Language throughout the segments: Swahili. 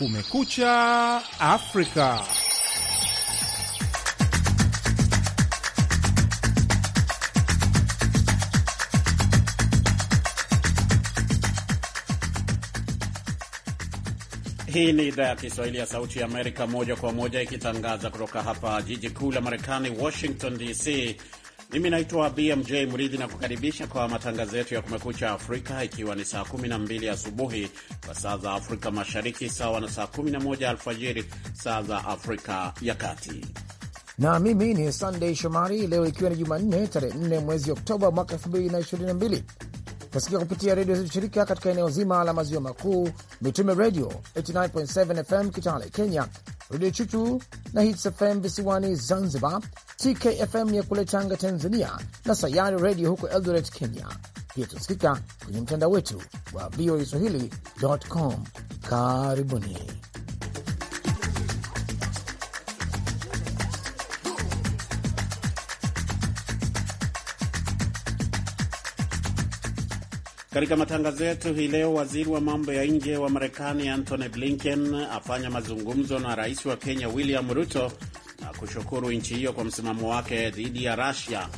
Kumekucha Afrika. Hii ni idhaa ya Kiswahili ya Sauti ya Amerika, moja kwa moja ikitangaza kutoka hapa jiji kuu la Marekani, Washington DC. Mimi naitwa BMJ Mridhi na kukaribisha kwa matangazo yetu ya Kumekucha Afrika, ikiwa ni saa 12 asubuhi kwa saa za Afrika Mashariki, sawa na saa 11 alfajiri saa za Afrika ya Kati. Na mimi ni sandey Shomari. Leo ikiwa ni Jumanne, tarehe 4 mwezi Oktoba mwaka 2022 Tunasikika kupitia redio zetu shirika katika eneo zima la maziwa makuu, Mitume Redio 89.7 FM Kitale Kenya, Redio Chuchu na Hits FM visiwani Zanzibar, TKFM ya kule Tanga Tanzania, na Sayari Redio huko Eldoret Kenya. Pia tunasikika kwenye mtandao wetu wa VOA Swahili.com. Karibuni. Katika matangazo yetu hii leo, waziri wa mambo ya nje wa Marekani Antony Blinken afanya mazungumzo na rais wa Kenya William Ruto na kushukuru nchi hiyo kwa msimamo wake dhidi ya Russia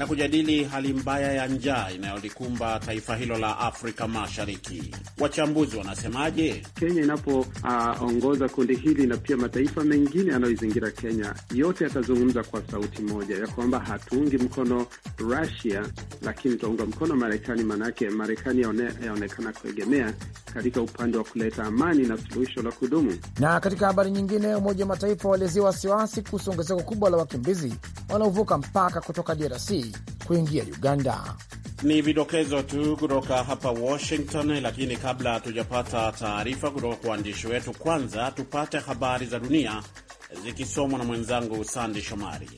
na kujadili hali mbaya ya njaa inayolikumba taifa hilo la Afrika Mashariki. Wachambuzi wanasemaje? Kenya inapoongoza uh, kundi hili na pia mataifa mengine yanayoizingira Kenya yote yatazungumza kwa sauti moja ya kwamba hatuungi mkono Russia, lakini tutaunga mkono Marekani, maanake Marekani yaonekana kuegemea katika upande wa kuleta amani na suluhisho la kudumu. Na katika habari nyingine, Umoja wa Mataifa walizia wasiwasi kuhusu ongezeko kubwa la wakimbizi wanaovuka mpaka kutoka DRC kuingia Uganda. Ni vidokezo tu kutoka hapa Washington, lakini kabla hatujapata taarifa kutoka kwa waandishi wetu, kwanza tupate habari za dunia zikisomwa na mwenzangu Sandi Shomari.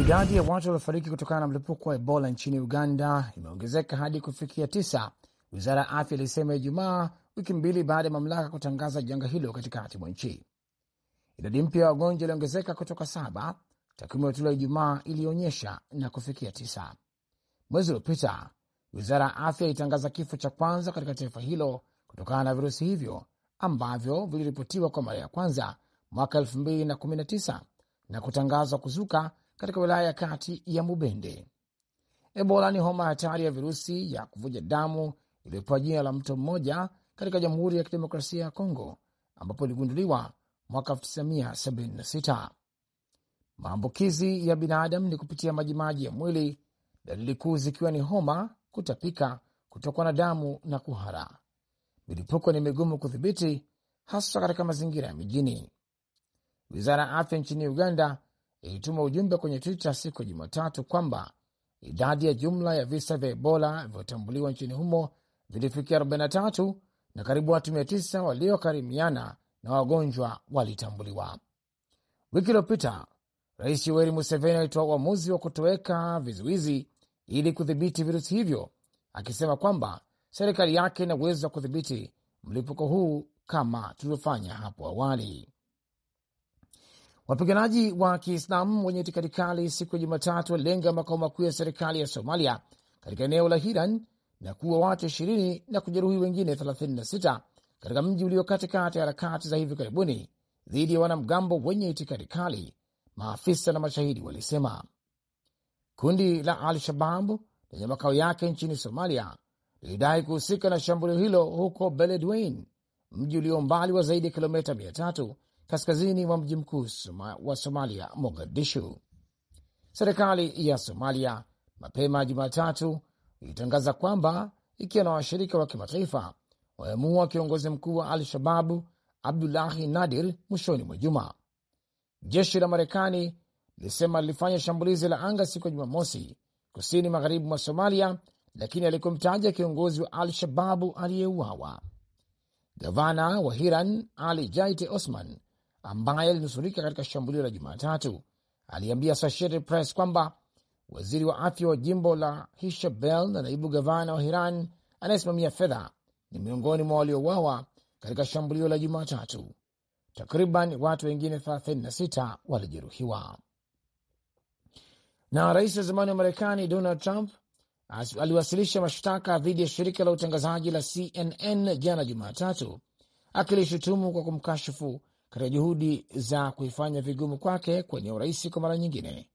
Idadi ya watu waliofariki kutokana na mlipuko wa Ebola nchini Uganda imeongezeka hadi kufikia tisa wizara ya afya ilisema Ijumaa, wiki mbili baada ya mamlaka kutangaza janga hilo katikati mwa nchi. Idadi mpya ya wagonjwa iliongezeka kutoka saba, takwimu ya tula Ijumaa ilionyesha na kufikia tisa. Mwezi uliopita wizara ya afya ilitangaza kifo cha kwanza katika taifa hilo kutokana na virusi hivyo ambavyo viliripotiwa kwa mara ya kwanza mwaka 2019 na, na kutangazwa kuzuka katika wilaya ya kati ya Mubende. Ebola ni homa hatari ya virusi ya kuvuja damu iliyopewa jina la mto mmoja katika Jamhuri ya Kidemokrasia ya Kongo ambapo iligunduliwa mwaka 1976. Maambukizi ya binadamu ni kupitia majimaji ya mwili, dalili kuu zikiwa ni homa, kutapika, kutokwa na damu na kuhara. Milipuko ni migumu kudhibiti, hasa katika mazingira ya mijini. Wizara ya afya nchini Uganda ilituma ujumbe kwenye Twitter siku ya Jumatatu kwamba idadi ya jumla ya visa vya Ebola vilivyotambuliwa nchini humo vilifikia 43 na karibu watu 900 waliokarimiana na wagonjwa walitambuliwa. Wiki iliyopita Rais Yoweri Museveni alitoa uamuzi wa kutoweka vizuizi ili kudhibiti virusi hivyo, akisema kwamba serikali yake ina uwezo wa kudhibiti mlipuko huu kama tulivyofanya hapo awali. Wapiganaji wa Kiislamu wenye itikadi kali siku ya Jumatatu walilenga makao makuu ya serikali ya Somalia katika eneo la Hiran na kuwa watu ishirini na kujeruhi wengine 36 katika mji ulio katikati ya harakati za hivi karibuni dhidi ya wanamgambo wenye itikadi kali, maafisa na mashahidi walisema. Kundi la Al-Shabab lenye makao yake nchini Somalia lilidai kuhusika na shambulio hilo huko Beledweyne, mji ulio mbali wa zaidi ya kilomita 300 kaskazini mwa mji mkuu wa Somalia, Mogadishu. Serikali ya Somalia mapema Jumatatu ilitangaza kwamba ikiwa na washirika wa kimataifa wameamua kiongozi mkuu wa Al Shababu Abdulahi Nadir mwishoni mwa juma. Jeshi la Marekani lilisema lilifanya shambulizi la anga siku ya Jumamosi kusini magharibi mwa Somalia, lakini alikumtaja kiongozi wa Al Shababu aliyeuawa. Gavana wa Hiran Ali Jaite Osman ambaye alinusurika katika shambulio la Jumatatu aliambia Associated Press kwamba Waziri wa afya wa jimbo la hishabel na naibu gavana wa Hiran anayesimamia fedha ni miongoni mwa waliouawa katika shambulio la Jumatatu. Takriban watu wengine 36 walijeruhiwa. Na rais wa zamani wa Marekani Donald Trump aliwasilisha mashtaka dhidi ya shirika la utangazaji la CNN jana Jumatatu, akilishutumu kwa kumkashifu katika juhudi za kuifanya vigumu kwake kwenye urais kwa mara nyingine.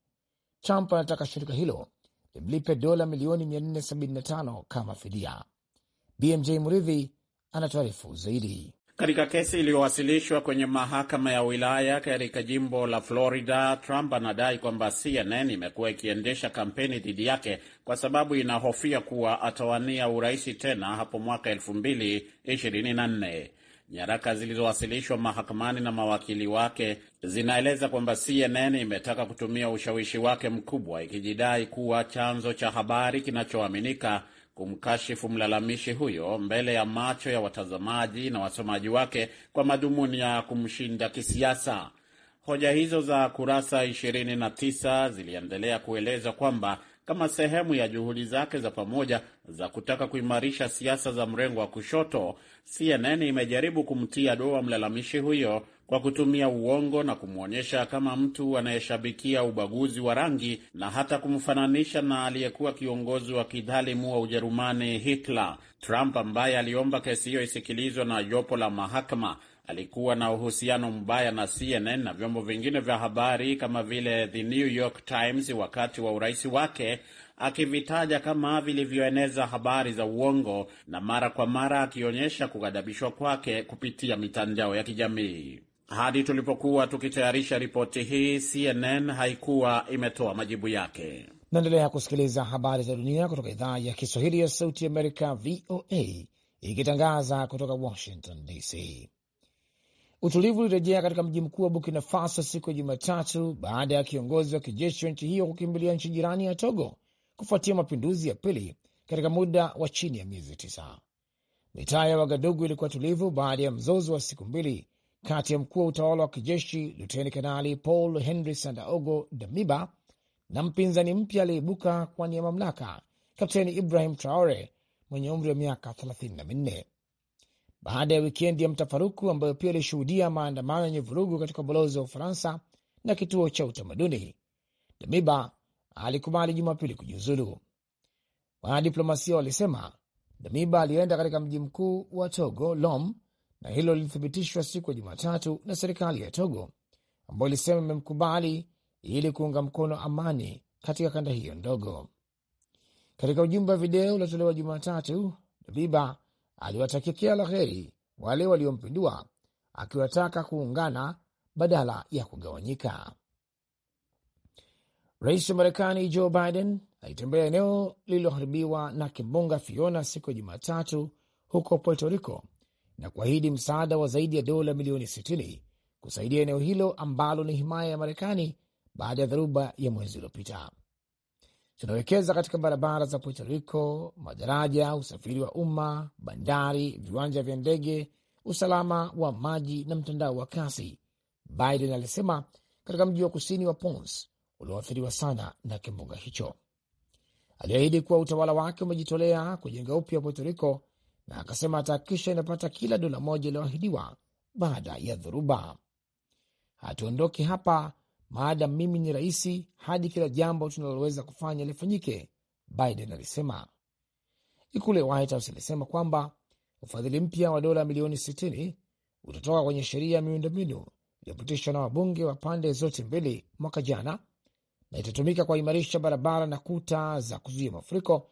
Trump anataka shirika hilo limlipe dola milioni 475 kama fidia. BMJ Muridhi anatuarifu zaidi. Katika kesi iliyowasilishwa kwenye mahakama ya wilaya katika jimbo la Florida, Trump anadai kwamba CNN imekuwa ikiendesha kampeni dhidi yake kwa sababu inahofia kuwa atawania uraisi tena hapo mwaka 2024. Nyaraka zilizowasilishwa mahakamani na mawakili wake zinaeleza kwamba CNN imetaka kutumia ushawishi wake mkubwa ikijidai kuwa chanzo cha habari kinachoaminika kumkashifu mlalamishi huyo mbele ya macho ya watazamaji na wasomaji wake kwa madhumuni ya kumshinda kisiasa. Hoja hizo za kurasa 29 ziliendelea kueleza kwamba kama sehemu ya juhudi zake za pamoja za kutaka kuimarisha siasa za mrengo wa kushoto. CNN imejaribu kumtia doa mlalamishi huyo kwa kutumia uongo na kumwonyesha kama mtu anayeshabikia ubaguzi wa rangi na hata kumfananisha na aliyekuwa kiongozi wa kidhalimu wa Ujerumani Hitler. Trump ambaye aliomba kesi hiyo isikilizwe na jopo la mahakama alikuwa na uhusiano mbaya na CNN na vyombo vingine vya habari kama vile The New York Times wakati wa urais wake, akivitaja kama vilivyoeneza habari za uongo na mara kwa mara akionyesha kughadhabishwa kwake kupitia mitandao ya kijamii. Hadi tulipokuwa tukitayarisha ripoti hii, CNN haikuwa imetoa majibu yake. Naendelea kusikiliza habari za dunia kutoka idhaa ya Kiswahili ya Sauti ya Amerika, VOA, ikitangaza kutoka Washington DC. Utulivu ulirejea katika mji mkuu wa Burkina Faso siku ya Jumatatu baada ya kiongozi wa kijeshi wa nchi hiyo kukimbilia nchi jirani ya Togo kufuatia mapinduzi ya pili katika muda wa chini ya miezi tisa. Mitaa ya Wagadugu ilikuwa tulivu baada ya mzozo wa siku mbili kati ya mkuu wa utawala wa kijeshi Luteni Kanali Paul Henry Sandaogo Damiba na mpinzani mpya aliyeibuka kwa nia mamlaka Kapteni Ibrahim Traore mwenye umri wa miaka minne baada ya wikendi ya mtafaruku ambayo pia ilishuhudia maandamano yenye vurugu katika ubalozi wa Ufaransa na kituo cha utamaduni. Damiba alikubali Jumapili kujiuzulu. Wanadiplomasia walisema Damiba alienda katika mji mkuu wa Togo, Lom, na hilo lilithibitishwa siku ya Jumatatu na serikali ya Togo ambayo ilisema imemkubali ili kuunga mkono amani katika kanda hiyo ndogo. Katika ujumbe wa video uliotolewa Jumatatu, Damiba aliwatakikia kila la heri wale waliompindua, akiwataka kuungana badala ya kugawanyika. Rais wa Marekani Joe Biden alitembea eneo lililoharibiwa na kimbunga Fiona siku ya Jumatatu huko Puerto Rico na kuahidi msaada wa zaidi ya dola milioni 60 kusaidia eneo hilo ambalo ni himaya ya Marekani baada ya dharuba ya mwezi uliopita tunawekeza katika barabara za Puerto Rico, madaraja, usafiri wa umma, bandari, viwanja vya ndege, usalama wa maji na mtandao wa kasi, Biden alisema katika mji wa kusini wa Ponce ulioathiriwa sana na kimbunga hicho. Aliahidi kuwa utawala wake umejitolea kujenga upya Puerto Rico na akasema atahakikisha inapata kila dola moja iliyoahidiwa baada ya dhoruba. Hatuondoki hapa maadam mimi ni raisi hadi kila jambo tunaloweza kufanya lifanyike, Biden alisema. Ikulu ya White House ilisema kwamba ufadhili mpya wa dola milioni 60 utatoka kwenye sheria ya miundombinu iliyopitishwa na wabunge wa pande zote mbili mwaka jana na itatumika kuimarisha barabara na kuta za kuzuia mafuriko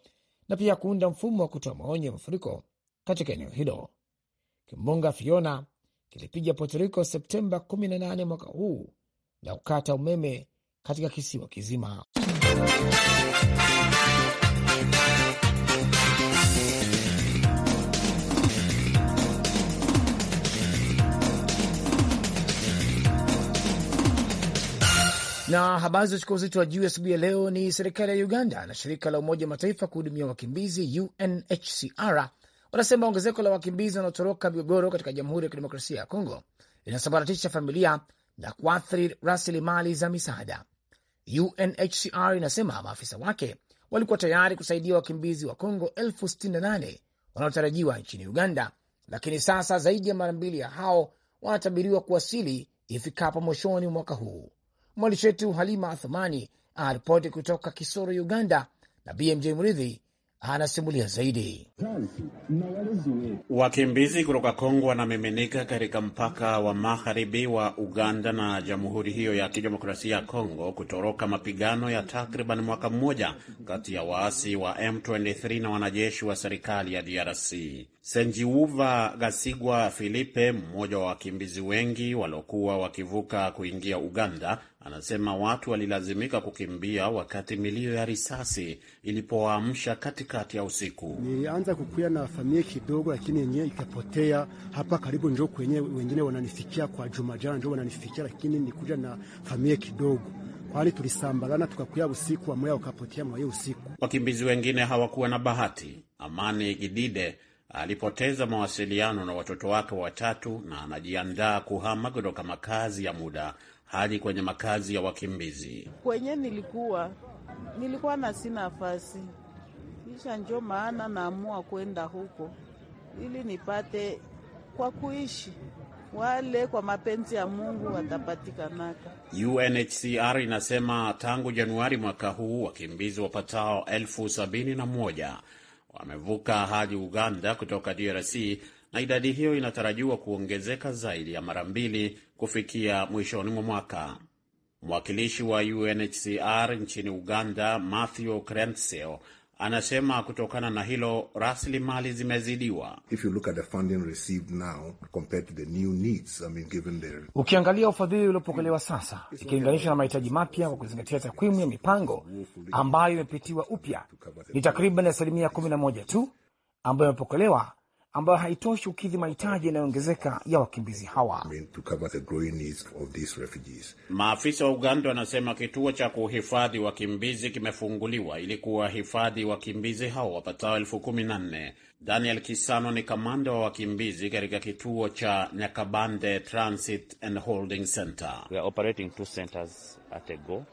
na pia kuunda mfumo wa kutoa maonyo ya mafuriko katika eneo hilo. Kimbunga Fiona kilipiga Puerto Rico Septemba 18 mwaka huu na kukata umeme katika kisiwa kizima. Na habari za chukua uzito wa juu asubuhi ya leo ni serikali ya Uganda na shirika la Umoja Mataifa kuhudumia wakimbizi UNHCR wanasema ongezeko la wakimbizi wanaotoroka migogoro katika Jamhuri ya Kidemokrasia ya Kongo linasambaratisha familia na kuathiri rasilimali za misaada. UNHCR inasema maafisa wake walikuwa tayari kusaidia wakimbizi wa Kongo elfu sitini na nane wanaotarajiwa nchini Uganda, lakini sasa zaidi ya mara mbili ya hao wanatabiriwa kuwasili ifikapo mwishoni mwaka huu. Mwandishi wetu Halima Athumani aripoti kutoka Kisoro, Uganda, na BMJ Mridhi anasimulia zaidi. Wakimbizi kutoka Kongo wanamiminika katika mpaka wa magharibi wa Uganda na jamhuri hiyo ya kidemokrasia ya Kongo kutoroka mapigano ya takriban mwaka mmoja kati ya waasi wa M23 na wanajeshi wa serikali ya DRC. Senjiuva Gasigwa Filipe, mmoja wa wakimbizi wengi waliokuwa wakivuka kuingia Uganda, Anasema watu walilazimika kukimbia wakati milio ya risasi ilipowaamsha katikati ya usiku. Nilianza kukuya na familia kidogo, lakini yenyewe ikapotea. Hapa karibu njo kwenye wengine wananifikia kwa juma jana, njo wananifikia, lakini nikuja na familia kidogo kwani tulisambalana tukakuya usiku, wamoya ukapotea mwaye usiku. Wakimbizi wengine hawakuwa na bahati. Amani Gidide alipoteza mawasiliano na watoto wake watatu na anajiandaa kuhama kutoka makazi ya muda hadi kwenye makazi ya wakimbizi. Kwenye nilikuwa nilikuwa na si nafasi, kisha njo maana naamua kwenda huko ili nipate kwa kuishi wale kwa mapenzi ya Mungu watapatikanaka. UNHCR inasema tangu Januari mwaka huu wakimbizi wapatao elfu sabini na moja wamevuka hadi Uganda kutoka DRC na idadi hiyo inatarajiwa kuongezeka zaidi ya mara mbili kufikia mwishoni mwa mwaka. Mwakilishi wa UNHCR nchini Uganda, Matthew Crenseo, anasema kutokana na hilo rasilimali zimezidiwa. Ukiangalia ufadhili uliopokelewa sasa ikilinganishwa na mahitaji mapya, kwa kuzingatia takwimu ya mipango ambayo imepitiwa upya, ni takriban asilimia 11 tu ambayo imepokelewa ambayo haitoshi kukidhi mahitaji yanayoongezeka ya wakimbizi hawa. Maafisa wa Uganda wanasema kituo cha kuhifadhi wakimbizi kimefunguliwa ili kuwahifadhi wakimbizi hao wapatao elfu kumi na nne. Daniel Kisano ni kamanda wa wakimbizi katika kituo cha Nyakabande Transit and Holding Center. We are operating two centers at a go.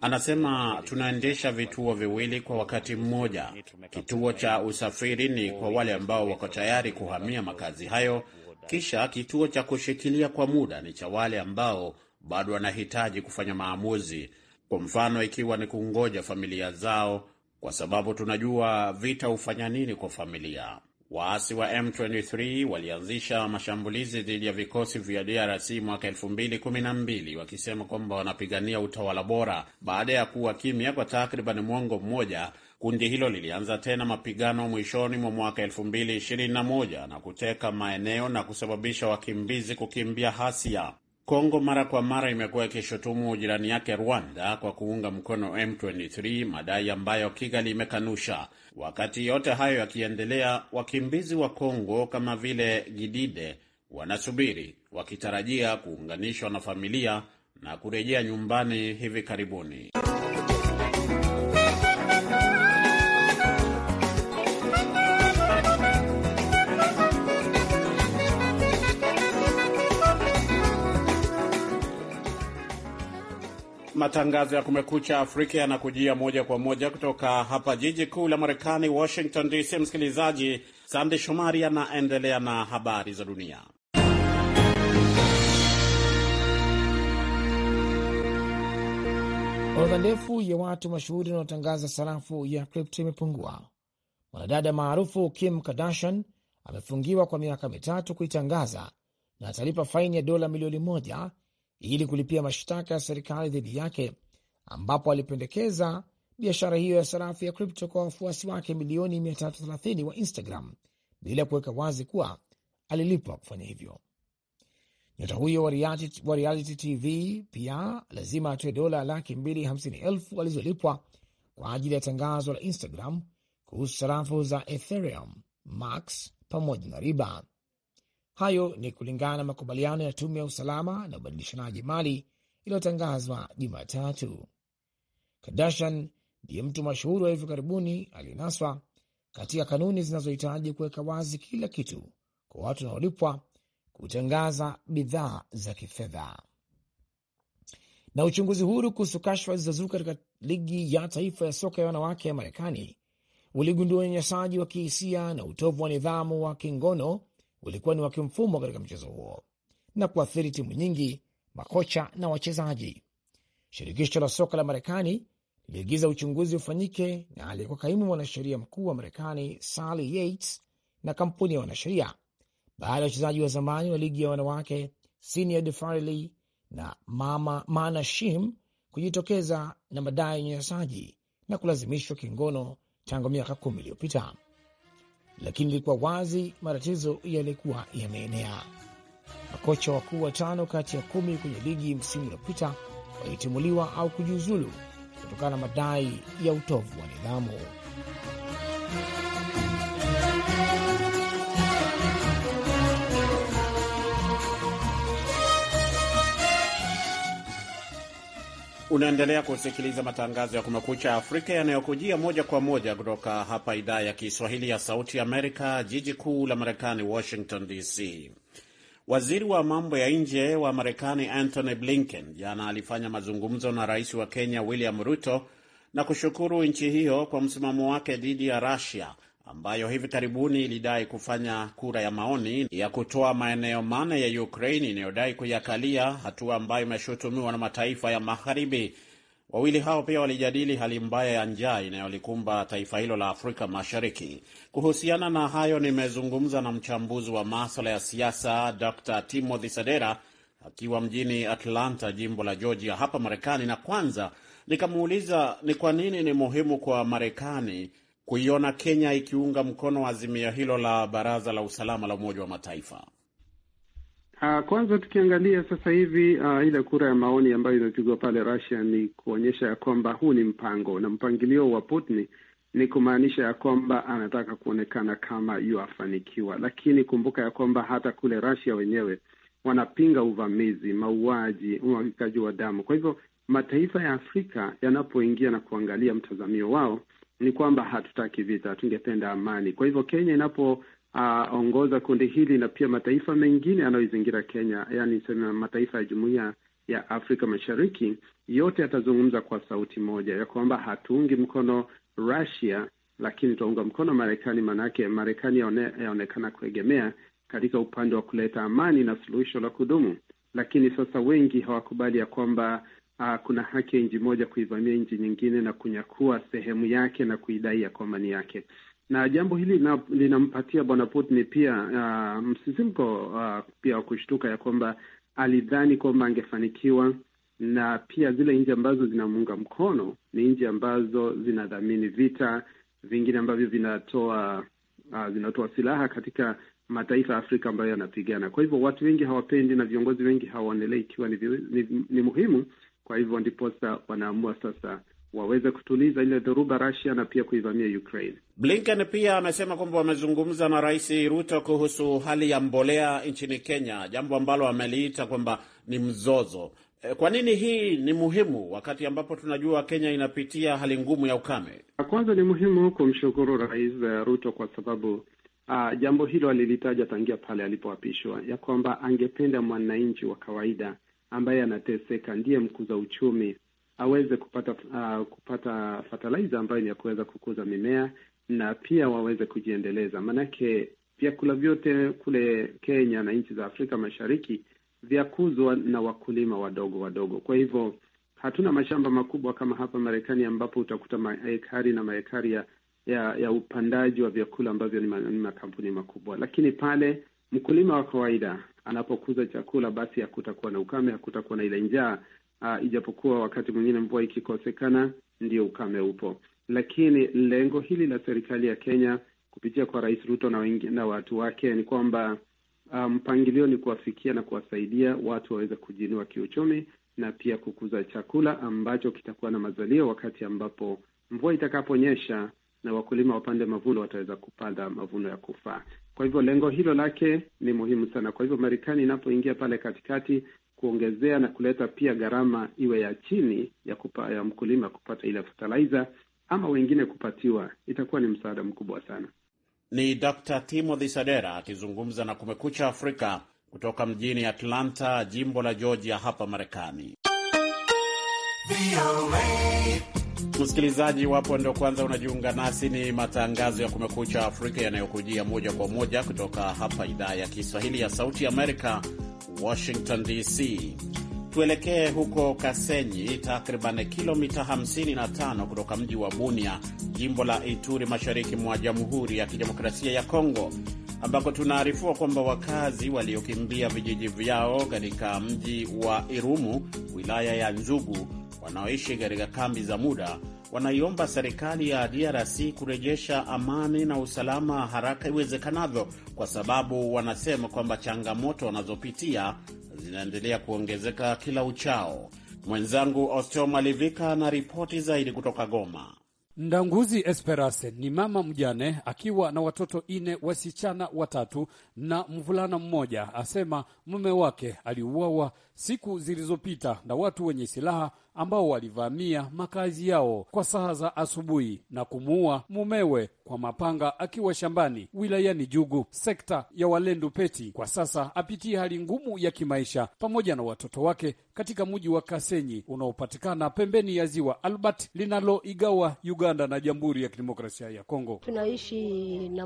Anasema tunaendesha vituo viwili kwa wakati mmoja. Kituo cha usafiri ni kwa wale ambao wako tayari kuhamia makazi hayo, kisha kituo cha kushikilia kwa muda ni cha wale ambao bado wanahitaji kufanya maamuzi, kwa mfano ikiwa ni kungoja familia zao, kwa sababu tunajua vita hufanya nini kwa familia. Waasi wa M23 walianzisha mashambulizi dhidi ya vikosi vya DRC mwaka 2012 wakisema kwamba wanapigania utawala bora. Baada ya kuwa kimya kwa takriban mwongo mmoja, kundi hilo lilianza tena mapigano mwishoni mwa mwaka 2021 na kuteka maeneo na kusababisha wakimbizi kukimbia hasia. Kongo mara kwa mara imekuwa ikishutumu jirani yake Rwanda kwa kuunga mkono M23, madai ambayo Kigali imekanusha. Wakati yote hayo yakiendelea, wakimbizi wa Kongo kama vile Gidide wanasubiri wakitarajia kuunganishwa na familia na kurejea nyumbani hivi karibuni. Matangazo ya Kumekucha Afrika yanakujia moja kwa moja kutoka hapa jiji kuu la Marekani, Washington DC. Msikilizaji, Sande Shomari anaendelea na habari za dunia. Orodha ndefu ya watu mashuhuri wanaotangaza sarafu ya kripto imepungua. Mwanadada maarufu Kim Kardashian amefungiwa kwa miaka mitatu kuitangaza na atalipa faini ya dola milioni moja ili kulipia mashtaka ya serikali dhidi yake, ambapo alipendekeza biashara hiyo ya sarafu ya kripto kwa wafuasi wake milioni 330 wa Instagram bila kuweka wazi kuwa alilipwa kufanya hivyo. Nyota huyo wa reality, wa reality TV pia lazima atoe dola laki mbili hamsini elfu alizolipwa kwa ajili ya tangazo la Instagram kuhusu sarafu za Ethereum, Max pamoja na riba. Hayo ni kulingana na makubaliano ya tume ya usalama na ubadilishanaji mali iliyotangazwa Jumatatu. Kardashian ndiye mtu mashuhuri wa hivi karibuni aliyenaswa katika kanuni zinazohitaji kuweka wazi kila kitu kwa watu wanaolipwa kutangaza bidhaa za kifedha. Na uchunguzi huru kuhusu kashfa zilizozuka katika ligi ya taifa ya soka ya wanawake ya Marekani uligundua unyanyasaji wa kihisia na utovu wa nidhamu wa kingono ulikuwa ni wa kimfumo katika mchezo huo na kuathiri timu nyingi, makocha na wachezaji. Shirikisho la soka la Marekani liliagiza uchunguzi ufanyike na aliyekuwa kaimu mwanasheria mkuu wa Marekani Sally Yates na kampuni ya wanasheria baada ya wachezaji wa zamani wa ligi ya wanawake Senior Farley na Mama Mana Shim kujitokeza na madai ya unyanyasaji na kulazimishwa kingono tangu miaka kumi iliyopita lakini ilikuwa wazi matatizo yalikuwa yameenea. Makocha wakuu watano kati ya kumi kwenye ligi msimu uliopita walitimuliwa au kujiuzulu kutokana na madai ya utovu wa nidhamu. Unaendelea kusikiliza matangazo ya Kumekucha Afrika yanayokujia moja kwa moja kutoka hapa idhaa ya Kiswahili ya Sauti Amerika, jiji kuu la Marekani, Washington DC. Waziri wa mambo ya nje wa Marekani Antony Blinken jana alifanya mazungumzo na rais wa Kenya William Ruto na kushukuru nchi hiyo kwa msimamo wake dhidi ya Russia ambayo hivi karibuni ilidai kufanya kura ya maoni ya kutoa maeneo mane ya Ukraine inayodai kuyakalia, hatua ambayo imeshutumiwa na mataifa ya Magharibi. Wawili hao pia walijadili hali mbaya ya njaa inayolikumba taifa hilo la Afrika Mashariki. Kuhusiana na hayo, nimezungumza na mchambuzi wa maswala ya siasa Dr. Timothy Sadera akiwa mjini Atlanta, jimbo la Georgia hapa Marekani, na kwanza nikamuuliza ni kwa nini ni muhimu kwa Marekani kuiona Kenya ikiunga mkono azimio hilo la Baraza la Usalama la Umoja wa Mataifa? Ah, kwanza tukiangalia sasa hivi uh, ile kura ya maoni ambayo inapigwa pale Russia ni kuonyesha ya kwamba huu ni mpango na mpangilio wa Putin ni kumaanisha ya kwamba anataka kuonekana kama yuafanikiwa, lakini kumbuka ya kwamba hata kule Russia wenyewe wanapinga uvamizi, mauaji, umwagikaji wa damu. Kwa hivyo mataifa ya Afrika yanapoingia na kuangalia mtazamio wao ni kwamba hatutaki vita, tungependa amani. Kwa hivyo Kenya inapo Uh, ongoza kundi hili na pia mataifa mengine yanayoizingira Kenya, yani sema mataifa ya Jumuiya ya Afrika Mashariki yote yatazungumza kwa sauti moja ya kwamba hatuungi mkono Russia, lakini tutaunga mkono Marekani. Maanake Marekani yaonekana kuegemea katika upande wa kuleta amani na suluhisho la kudumu, lakini sasa wengi hawakubali ya kwamba uh, kuna haki ya nchi moja kuivamia nchi nyingine na kunyakua sehemu yake na kuidai ya kwamba ni yake, na jambo hili linampatia Bwana Putin pia uh, msisimko uh, pia wa kushtuka ya kwamba alidhani kwamba angefanikiwa na pia zile nchi ambazo zinamuunga mkono ni nchi ambazo zinadhamini vita vingine ambavyo vinatoa uh, zinatoa silaha katika mataifa ya Afrika ambayo yanapigana. Kwa hivyo watu wengi hawapendi na viongozi wengi hawaonelei ikiwa ni, ni, ni muhimu kwa hivyo ndiposa wanaamua sasa waweze kutuliza ile dhoruba Russia na pia kuivamia Ukraine. Blinken pia amesema kwamba wamezungumza na Rais Ruto kuhusu hali ya mbolea nchini Kenya, jambo ambalo ameliita kwamba ni mzozo. E, kwa nini hii ni muhimu wakati ambapo tunajua Kenya inapitia hali ngumu ya ukame? Kwanza ni muhimu kumshukuru Rais uh, Ruto kwa sababu Uh, jambo hilo alilitaja tangia pale alipoapishwa ya kwamba angependa mwananchi wa kawaida ambaye anateseka, ndiye mkuza uchumi, aweze kupata uh, kupata fertilizer ambayo ni ya kuweza kukuza mimea na pia waweze kujiendeleza, maanake vyakula vyote kule Kenya na nchi za Afrika Mashariki vyakuzwa na wakulima wadogo wadogo. Kwa hivyo hatuna mashamba makubwa kama hapa Marekani ambapo utakuta maekari na maekari ya, ya, ya upandaji wa vyakula ambavyo ni makampuni makubwa, lakini pale mkulima wa kawaida anapokuza chakula, basi hakutakuwa na ukame, hakutakuwa na ile njaa. Uh, ijapokuwa wakati mwingine mvua ikikosekana ndio ukame upo, lakini lengo hili la serikali ya Kenya kupitia kwa Rais Ruto na, wengi, na watu wake ni kwamba ah, mpangilio um, ni kuwafikia na kuwasaidia watu waweze kujiinua kiuchumi na pia kukuza chakula ambacho kitakuwa na mazalio wakati ambapo mvua itakaponyesha na wakulima wapande mavuno wataweza kupanda mavuno ya kufaa. Kwa hivyo lengo hilo lake ni muhimu sana. Kwa hivyo Marekani inapoingia pale katikati kuongezea na kuleta pia gharama iwe ya chini ya, kupa, ya mkulima kupata ile fertilizer ama wengine kupatiwa, itakuwa ni msaada mkubwa sana. Ni Dr. Timothy Sadera akizungumza na Kumekucha Afrika kutoka mjini Atlanta, jimbo la Georgia hapa Marekani. Msikilizaji wapo ndio kwanza unajiunga nasi, ni matangazo ya Kumekucha Afrika yanayokujia moja kwa moja kutoka hapa idhaa ya Kiswahili ya Sauti Amerika, Washington DC. Tuelekee huko Kasenyi, takriban kilomita 55 kutoka mji wa Bunia, jimbo la Ituri, mashariki mwa Jamhuri ya Kidemokrasia ya Kongo, ambako tunaarifuwa kwamba wakazi waliokimbia vijiji vyao katika mji wa Irumu, wilaya ya Nzugu wanaoishi katika kambi za muda wanaiomba serikali ya DRC kurejesha amani na usalama haraka iwezekanavyo, kwa sababu wanasema kwamba changamoto wanazopitia zinaendelea kuongezeka kila uchao. Mwenzangu Osteo Malivika na ripoti zaidi kutoka Goma. Ndanguzi Esperance ni mama mjane akiwa na watoto ine, wasichana watatu na mvulana mmoja, asema mume wake aliuawa siku zilizopita na watu wenye silaha ambao walivamia makazi yao kwa saa za asubuhi na kumuua mumewe kwa mapanga akiwa shambani wilayani Jugu, sekta ya Walendu Peti. Kwa sasa apitie hali ngumu ya kimaisha pamoja na watoto wake katika mji wa Kasenyi unaopatikana pembeni ya ziwa Albert linaloigawa Uganda. Uganda na Jamhuri ya Kidemokrasia ya Kongo. Tunaishi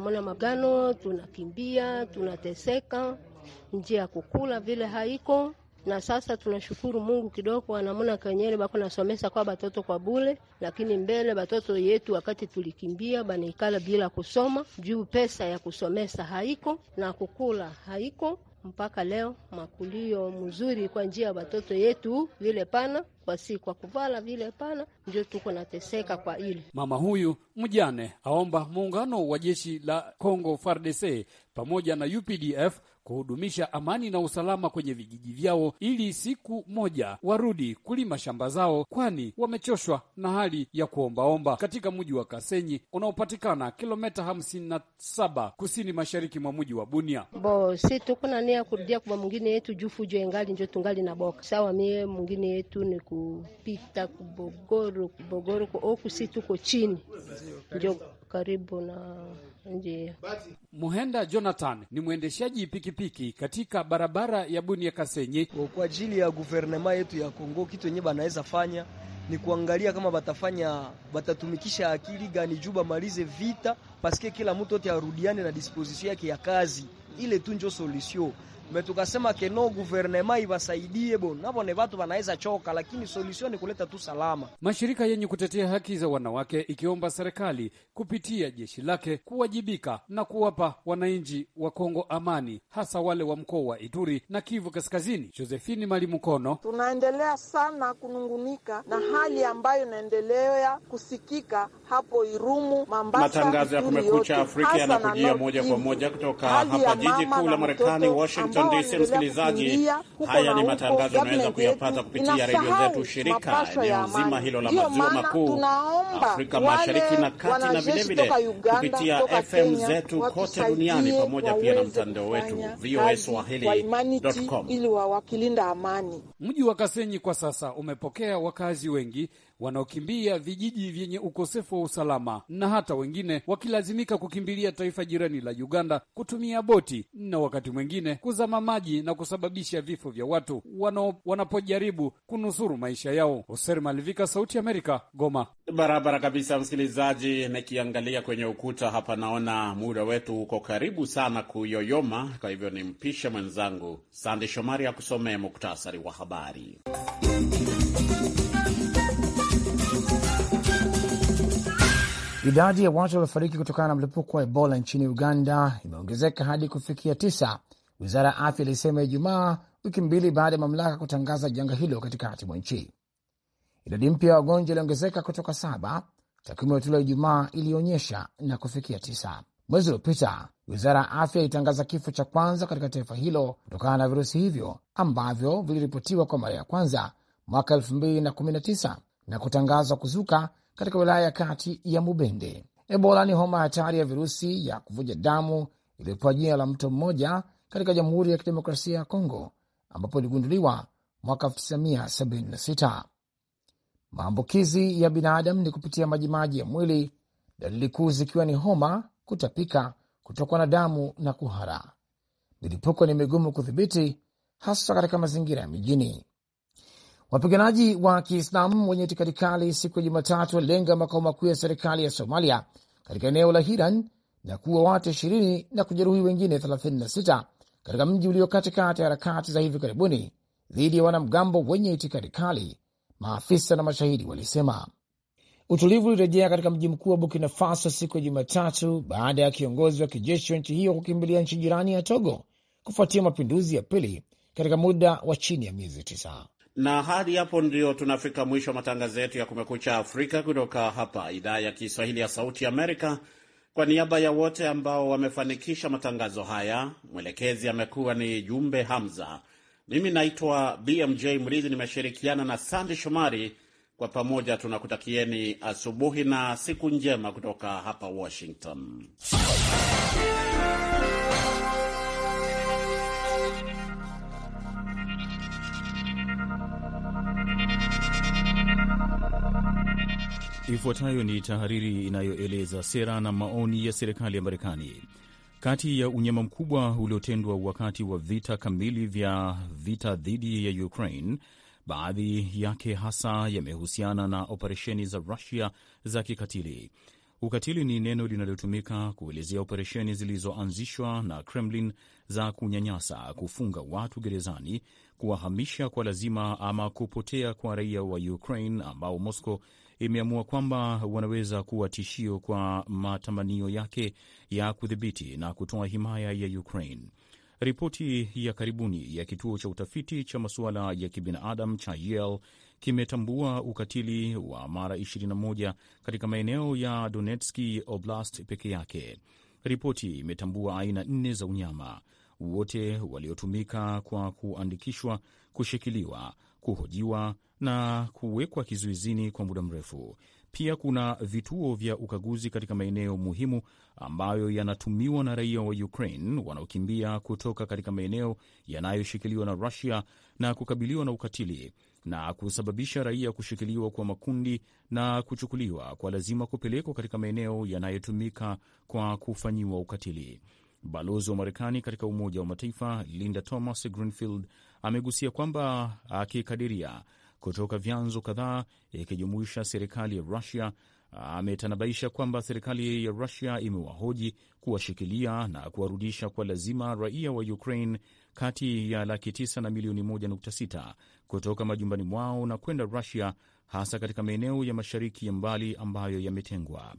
mwana mapigano, tunakimbia, tunateseka, njia ya kukula vile haiko na sasa tunashukuru Mungu kidogo anamona kenyele bako nasomesa kwa batoto kwa bule, lakini mbele batoto yetu wakati tulikimbia banaikala bila kusoma juu pesa ya kusomesa haiko na kukula haiko mpaka leo makulio mzuri kwa njia ya watoto yetu vile pana kwa si kwa kuvala vile pana, ndio tuko nateseka kwa ile. Mama huyu mjane aomba muungano wa jeshi la congo FARDC pamoja na UPDF kuhudumisha amani na usalama kwenye vijiji vyao ili siku moja warudi kulima shamba zao, kwani wamechoshwa na hali ya kuombaomba katika mji wa Kasenyi unaopatikana kilometa hamsini na saba kusini mashariki mwa mji wa Bunia. Bo si tukuna nia kurudia kwa mwingine yetu juu fujo engali njo tungali na boka sawa. Mie mwingine yetu ni kupita kubogoro kubogoro, oku si tuko chini njo karibu na njia. Muhenda Jonathan ni mwendeshaji pikipiki katika barabara ya Bunia Kasenyi. Kwa ajili ya guvernema yetu ya Kongo, kitu yenye banaweza fanya ni kuangalia kama batafanya batatumikisha akili gani juu bamalize vita, paske kila mtu ati arudiane na disposition yake ya kazi ile tu njo solution me ke no guvernema ibasaidie bo navo ne vatu wanaweza choka, lakini solution ni kuleta tu salama. Mashirika yenye kutetea haki za wanawake ikiomba serikali kupitia jeshi lake kuwajibika na kuwapa wananchi wa Kongo amani, hasa wale wa mkoa wa Ituri na Kivu Kaskazini. Josephine Malimukono: tunaendelea sana kunungunika na hali ambayo inaendelea kusikika hapo Irumu, Mambasa. Matangazo ya Kumekucha Afrika yanakujia moja kwa moja kutoka hapa jiji kuu la Marekani, Washington DC. Msikilizaji, haya ni matangazo yanaweza kuyapata kupitia redio zetu shirika eneo zima hilo la maziwa makuu Afrika Mashariki na kati, na vilevile kupitia FM zetu kote duniani, pamoja pia na mtandao wetu VOA Swahili.com. Mji wa Kasenyi kwa sasa umepokea wakazi wengi wanaokimbia vijiji vyenye ukosefu wa usalama na hata wengine wakilazimika kukimbilia taifa jirani la Uganda kutumia boti na wakati mwingine kuzama maji na kusababisha vifo vya watu wano, wanapojaribu kunusuru maisha yao. Hoser Malivika, Sauti Amerika, Goma. Barabara kabisa, msikilizaji. Nikiangalia kwenye ukuta hapa naona muda wetu uko karibu sana kuyoyoma, kwa hivyo nimpishe mwenzangu Sande Shomari akusomee muktasari wa habari. Idadi ya watu waliofariki kutokana na mlipuko wa Ebola nchini Uganda imeongezeka hadi kufikia tisa, wizara ya afya ilisema Ijumaa, wiki mbili baada ya mamlaka kutangaza janga hilo katikati mwa nchi. Idadi mpya ya wagonjwa iliongezeka kutoka saba, takwimu ya tulo Ijumaa ilionyesha na kufikia tisa. Mwezi uliopita wizara ya afya ilitangaza kifo cha kwanza katika taifa hilo kutokana na virusi hivyo ambavyo viliripotiwa kwa mara ya kwanza mwaka 2019 na kutangazwa kuzuka katika wilaya ya kati ya Mubende. Ebola ni homa hatari ya virusi ya kuvuja damu iliyopewa jina la mto mmoja katika Jamhuri ya Kidemokrasia ya Kongo, ambapo iligunduliwa mwaka 1976. Maambukizi ya binadamu ni kupitia majimaji ya mwili, dalili kuu zikiwa ni homa, kutapika, kutokwa na damu na kuhara. Milipuko ni migumu kudhibiti, hasa katika mazingira ya mijini. Wapiganaji wa Kiislamu wenye itikadi kali siku ya Jumatatu walilenga makao makuu ya serikali ya Somalia katika eneo la Hiran na kuwa watu ishirini na kujeruhi wengine 36 katika mji ulio katikati ya harakati za hivi karibuni dhidi ya wanamgambo wenye itikadi kali, maafisa na mashahidi walisema. Utulivu ulirejea katika mji mkuu wa Burkina Faso siku ya Jumatatu baada ya kiongozi wa kijeshi wa nchi hiyo kukimbilia nchi jirani ya Togo kufuatia mapinduzi ya pili katika muda wa chini ya miezi tisa na hadi hapo ndio tunafika mwisho matangazo yetu ya Kumekucha Afrika kutoka hapa idhaa ya Kiswahili ya Sauti Amerika. Kwa niaba ya wote ambao wamefanikisha matangazo haya, mwelekezi amekuwa ni Jumbe Hamza. Mimi naitwa BMJ Mridhi, nimeshirikiana na Sandi Shomari. Kwa pamoja tunakutakieni asubuhi na siku njema kutoka hapa Washington. Ifuatayo ni tahariri inayoeleza sera na maoni ya serikali ya Marekani. Kati ya unyama mkubwa uliotendwa wakati wa vita kamili vya vita dhidi ya Ukraine, baadhi yake hasa yamehusiana na operesheni za Rusia za kikatili. Ukatili ni neno linalotumika kuelezea operesheni zilizoanzishwa na Kremlin za kunyanyasa, kufunga watu gerezani, kuwahamisha kwa lazima ama kupotea kwa raia wa Ukraine ambao Moscow imeamua kwamba wanaweza kuwa tishio kwa matamanio yake ya kudhibiti na kutoa himaya ya Ukraine. Ripoti ya karibuni ya kituo cha utafiti cha masuala ya kibinadamu cha Yale kimetambua ukatili wa mara 21 katika maeneo ya Donetski Oblast peke yake. Ripoti imetambua aina nne za unyama. Wote waliotumika kwa kuandikishwa, kushikiliwa, kuhojiwa na kuwekwa kizuizini kwa muda mrefu. Pia kuna vituo vya ukaguzi katika maeneo muhimu ambayo yanatumiwa na raia wa Ukraine wanaokimbia kutoka katika maeneo yanayoshikiliwa na Rusia na kukabiliwa na ukatili na kusababisha raia kushikiliwa kwa makundi na kuchukuliwa kwa lazima kupelekwa katika maeneo yanayotumika kwa kufanyiwa ukatili. Balozi wa Marekani katika Umoja wa Mataifa Linda Thomas Greenfield amegusia kwamba akikadiria kutoka vyanzo kadhaa ikijumuisha serikali ya Rusia. Ametanabaisha kwamba serikali ya Rusia imewahoji kuwashikilia na kuwarudisha kwa lazima raia wa Ukraine kati ya laki tisa na milioni moja nukta sita kutoka majumbani mwao na kwenda Rusia, hasa katika maeneo ya mashariki ya mbali ambayo yametengwa.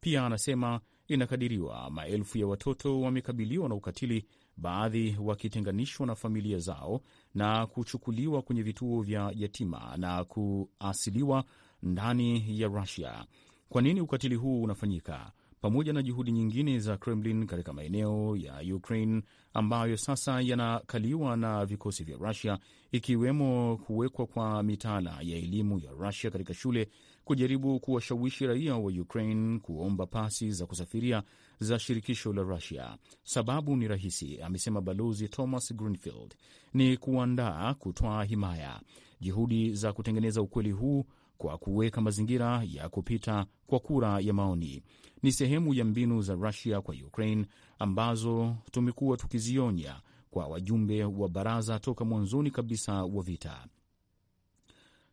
Pia anasema inakadiriwa maelfu ya watoto wamekabiliwa na ukatili baadhi wakitenganishwa na familia zao na kuchukuliwa kwenye vituo vya yatima na kuasiliwa ndani ya Rusia. Kwa nini ukatili huu unafanyika? pamoja na juhudi nyingine za Kremlin katika maeneo ya Ukraine ambayo sasa yanakaliwa na vikosi vya Rusia, ikiwemo kuwekwa kwa mitaala ya elimu ya Rusia katika shule kujaribu kuwashawishi raia wa Ukraine kuomba pasi za kusafiria za shirikisho la Rusia. Sababu ni rahisi, amesema Balozi Thomas Greenfield, ni kuandaa kutoa himaya. Juhudi za kutengeneza ukweli huu kwa kuweka mazingira ya kupita kwa kura ya maoni. Ni sehemu ya mbinu za Rusia kwa Ukraine ambazo tumekuwa tukizionya kwa wajumbe wa baraza toka mwanzoni kabisa wa vita.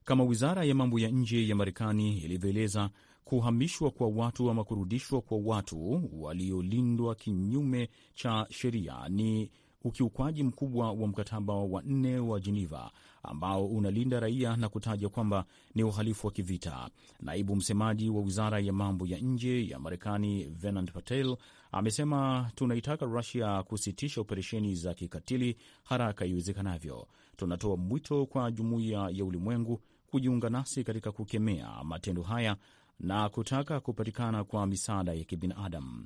Kama wizara ya mambo ya nje ya Marekani ilivyoeleza, kuhamishwa kwa watu ama kurudishwa kwa watu waliolindwa kinyume cha sheria ni ukiukwaji mkubwa wa mkataba wa nne wa Geneva ambao unalinda raia na kutaja kwamba ni uhalifu wa kivita. Naibu msemaji wa wizara ya mambo ya nje ya Marekani Venant Patel amesema, tunaitaka Rusia kusitisha operesheni za kikatili haraka iwezekanavyo. Tunatoa mwito kwa jumuiya ya ulimwengu kujiunga nasi katika kukemea matendo haya na kutaka kupatikana kwa misaada ya kibinadamu.